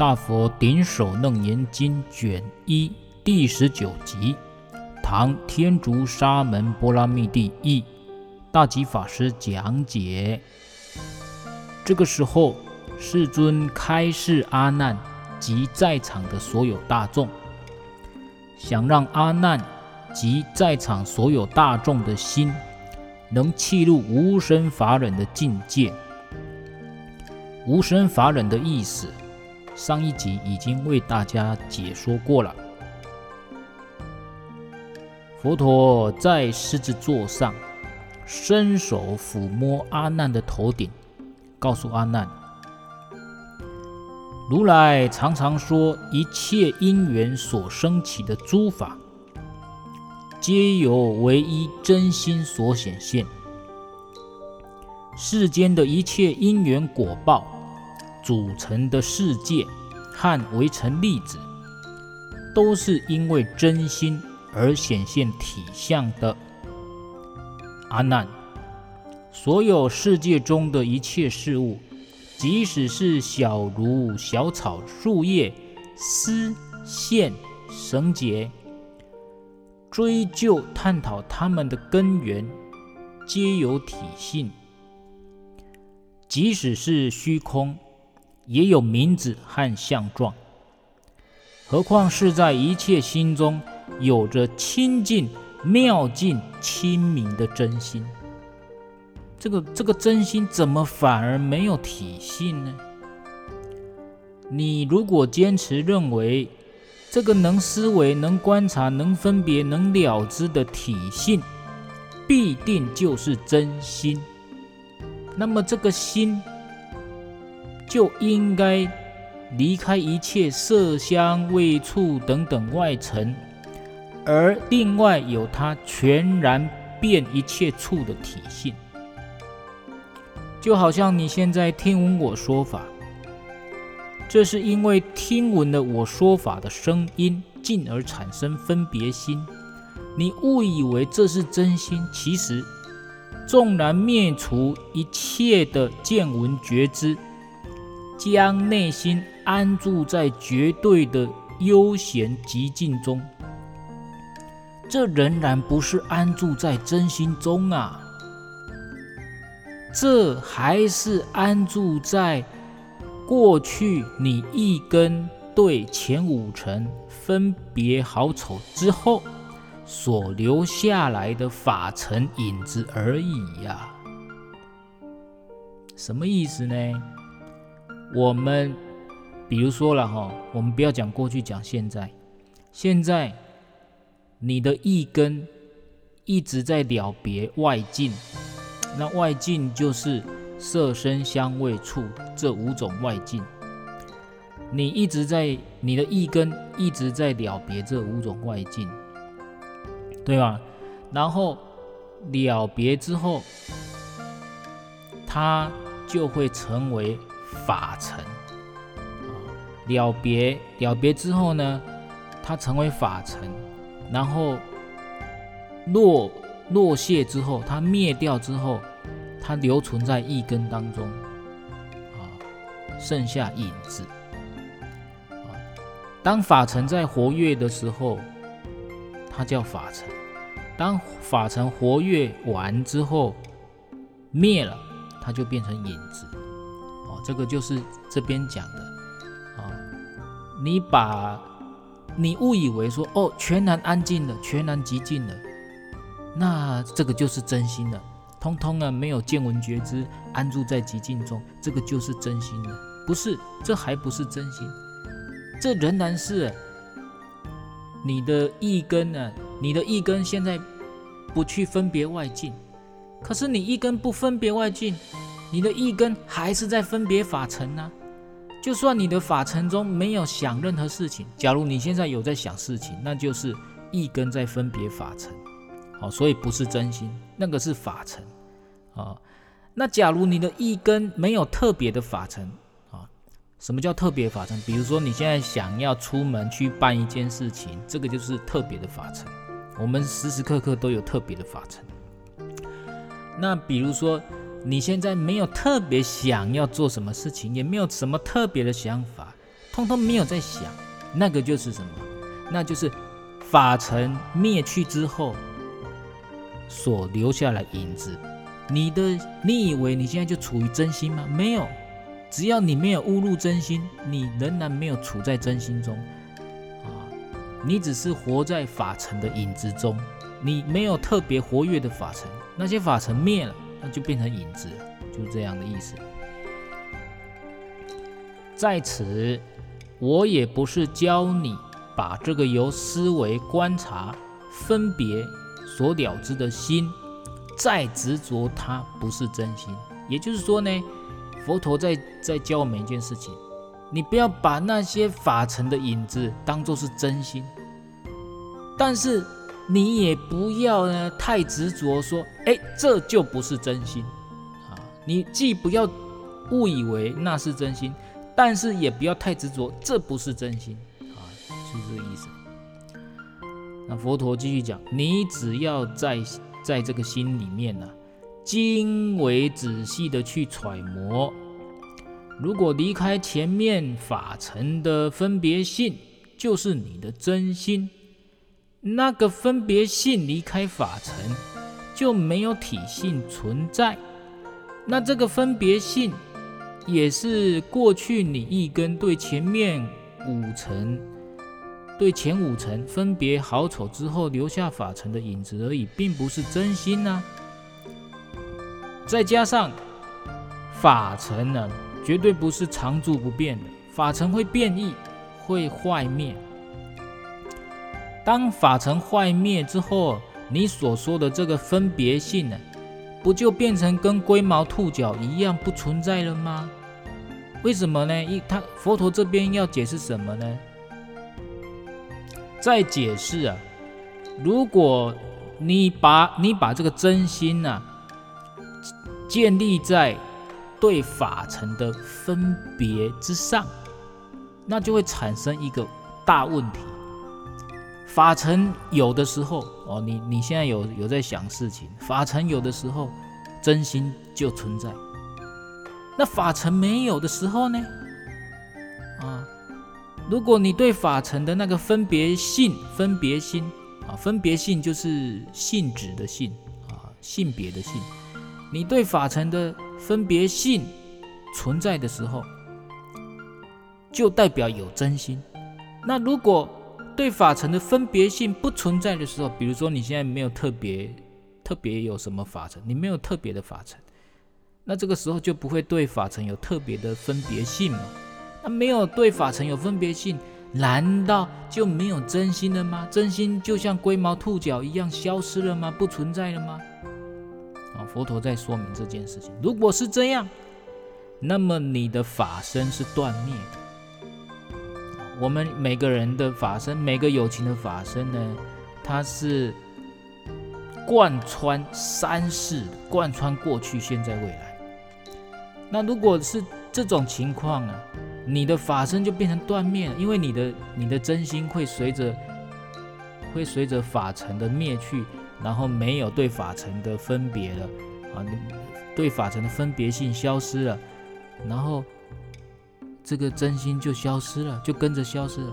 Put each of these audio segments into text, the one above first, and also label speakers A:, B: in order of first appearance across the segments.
A: 大佛頂首楞嚴經卷一第十九集，唐天竺沙門般剌蜜帝譯，大寂法師講解。這個時候，世尊開示阿難及在場的所有大眾，想讓阿難及在場所有大眾的心能契入無生法忍的境界。無生法忍的意思，上一集已經為大家解說過了。佛陀在獅子座上，伸手撫摸阿難的頭頂，告訴阿難：“如來常常說，一切因緣所生起的諸法，皆由唯一真心所顯現。世間的一切因緣果報。”組成的世界和微塵粒子，都是因為真心而顯現體相的。阿、啊、難，所有世界中的一切事物，即使是小如小草、樹葉、絲線、繩結，追究探討它們的根源，皆有體性；即使是虛空，也有名字和相狀，何況是在一切心中有着清淨妙淨清明的真心？這個這個真心怎麼反而沒有體性呢？你如果堅持認為這個能思維、能觀察、能分別、能了知的體性，必定就是真心，那麼這個心。就應該離開一切色香味觸等等外塵，而另外有它全然遍一切處的體性。就好像你現在聽聞我說法，這是因為聽聞了我說法的聲音，進而產生分別心，你誤以為這是真心，其實縱然滅除一切的見聞覺知。將內心安住在絕對的悠閒寂靜中，這仍然不是安住在真心中啊！這還是安住在過去你一根對前五層分別好醜之後所留下來的法塵影子而已呀、啊！什麼意思呢？我們，比如說了哈，我們不要講過去，講現在。現在，你的意根一直在了別外境，那外境就是色、聲、香、味、觸這五種外境。你一直在你的意根一直在了別這五種外境，對吧？然後了別之後，它就會成為。法塵啊，了別了別之後呢，它成為法塵，然後落落謝之後，它滅掉之後，它留存在意根當中啊，剩下影子啊。當法塵在活躍的時候，它叫法塵；當法塵活躍完之後滅了，它就變成影子。這個就是這邊講的啊，你把你誤以為說哦，全然安靜了，全然極靜了，那這個就是真心的，通通啊沒有見聞覺知，安住在極靜中，這個就是真心的，不是，這還不是真心，這仍然是你的一根呢、啊，你的一根現在不去分別外境，可是你一根不分別外境。你的意根還是在分別法塵呢？就算你的法塵中沒有想任何事情，假如你現在有在想事情，那就是意根在分別法塵，好，所以不是真心，那個是法塵啊。那假如你的意根沒有特別的法塵啊？什麼叫特別法塵？比如說你現在想要出門去辦一件事情，這個就是特別的法塵。我們時時刻刻都有特別的法塵。那比如說。你現在沒有特別想要做什麼事情，也沒有什麼特別的想法，通通沒有在想，那個就是什麼？那就是法塵滅去之後所留下來的影子。你的你以為你現在就處於真心嗎？沒有，只要你沒有悟入真心，你仍然沒有處在真心中啊，你只是活在法塵的影子中，你沒有特別活躍的法塵，那些法塵滅了。那就變成影子，就是這樣的意思。在此，我也不是教你把這個由思維、觀察、分別所了知的心，再執着它不是真心。也就是說呢，佛陀在在教我每一件事情，你不要把那些法塵的影子當做是真心。但是。你也不要呢太執着說，哎，這就不是真心啊！你既不要誤以為那是真心，但是也不要太執着，這不是真心啊，就是這個意思。那佛陀繼續講，你只要在在這個心裡面呢、啊，精微仔細的去揣摩，如果離開前面法塵的分別性，就是你的真心。那個分別性離開法塵，就沒有體性存在。那這個分別性，也是過去你一根對前面五塵，對前五塵分別好醜之後留下法塵的影子而已，並不是真心吶、啊。再加上法塵呢，絕對不是常住不變的，法塵會變異，會壞滅。當法塵壞滅之後，你所說的這個分別性呢、啊，不就變成跟龜毛兔角一樣不存在了嗎？為什麼呢？一，他佛陀這邊要解釋什麼呢？再解釋啊，如果你把你把這個真心呢、啊、建立在對法塵的分別之上，那就會產生一個大問題。法塵有的時候哦，你你現在有有在想事情，法塵有的時候真心就存在。那法塵沒有的時候呢？啊，如果你對法塵的那個分別性、分別心啊，分別性就是性質的性啊，性別的性，你對法塵的分別性存在的時候，就代表有真心。那如果對法塵的分別性不存在的時候，比如說你現在沒有特別、特別有什麼法塵，你沒有特別的法塵，那這個時候就不會對法塵有特別的分別性那、啊、沒有對法塵有分別性，難道就沒有真心了嗎？真心就像龜毛兔角一樣消失了嗎？不存在了嗎？啊，佛陀在說明這件事情。如果是這樣，那麼你的法身是斷滅的。我們每個人的法身，每個有情的法身呢，它是貫穿三世，貫穿過去、現在、未來。那如果是這種情況啊，你的法身就變成斷滅了，因為你的你的真心會隨着會隨着法塵的滅去，然後沒有對法塵的分別了啊，你對法塵的分別性消失了，然後。這個真心就消失了，就跟着消失了。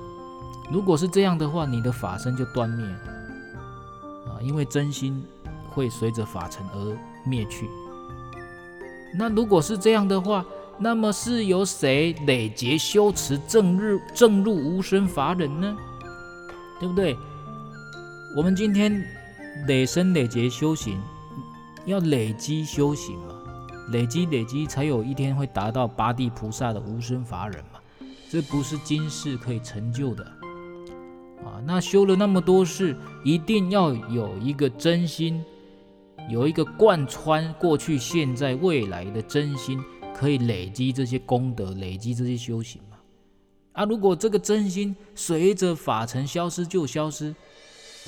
A: 如果是這樣的話，你的法身就斷滅了啊！因為真心會隨着法塵而滅去。那如果是這樣的話，那麼是由誰累劫修持正入正入無生法忍呢？對不對？我們今天累生累劫修行，要累積修行嘛。累積累積，才有一天會達到八地菩薩的無生法忍嘛？這不是今世可以成就的啊！那修了那麼多世，一定要有一個真心，有一個貫穿過去、現在、未來的真心，可以累積這些功德，累積這些修行嘛？啊，如果這個真心隨着法塵消失，就消失。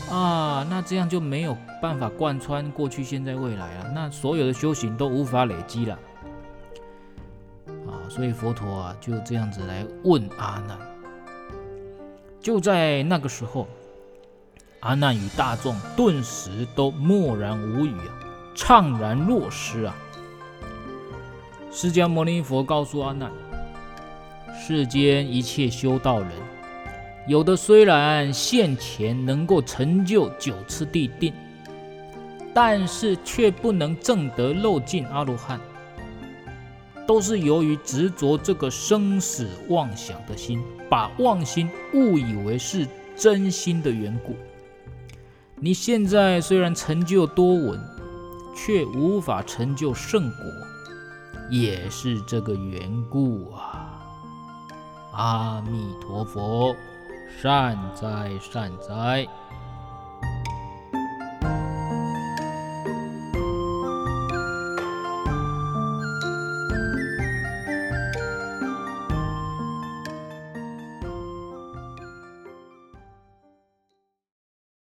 A: 啊，那這樣就沒有辦法貫穿過去、現在、未來了。那所有的修行都無法累積了。啊，所以佛陀啊就這樣子來問阿難。就在那個時候，阿難與大眾頓時都默然無語啊，悵然若失啊。釋迦牟尼佛告訴阿難：世間一切修道人。有的雖然現前能夠成就九次第定，但是卻不能證得漏盡阿羅漢，都是由於執着這個生死妄想的心，把妄心誤以為是真心的緣故。你現在雖然成就多聞，卻無法成就聖果，也是這個緣故啊！阿彌陀佛。善哉，善哉。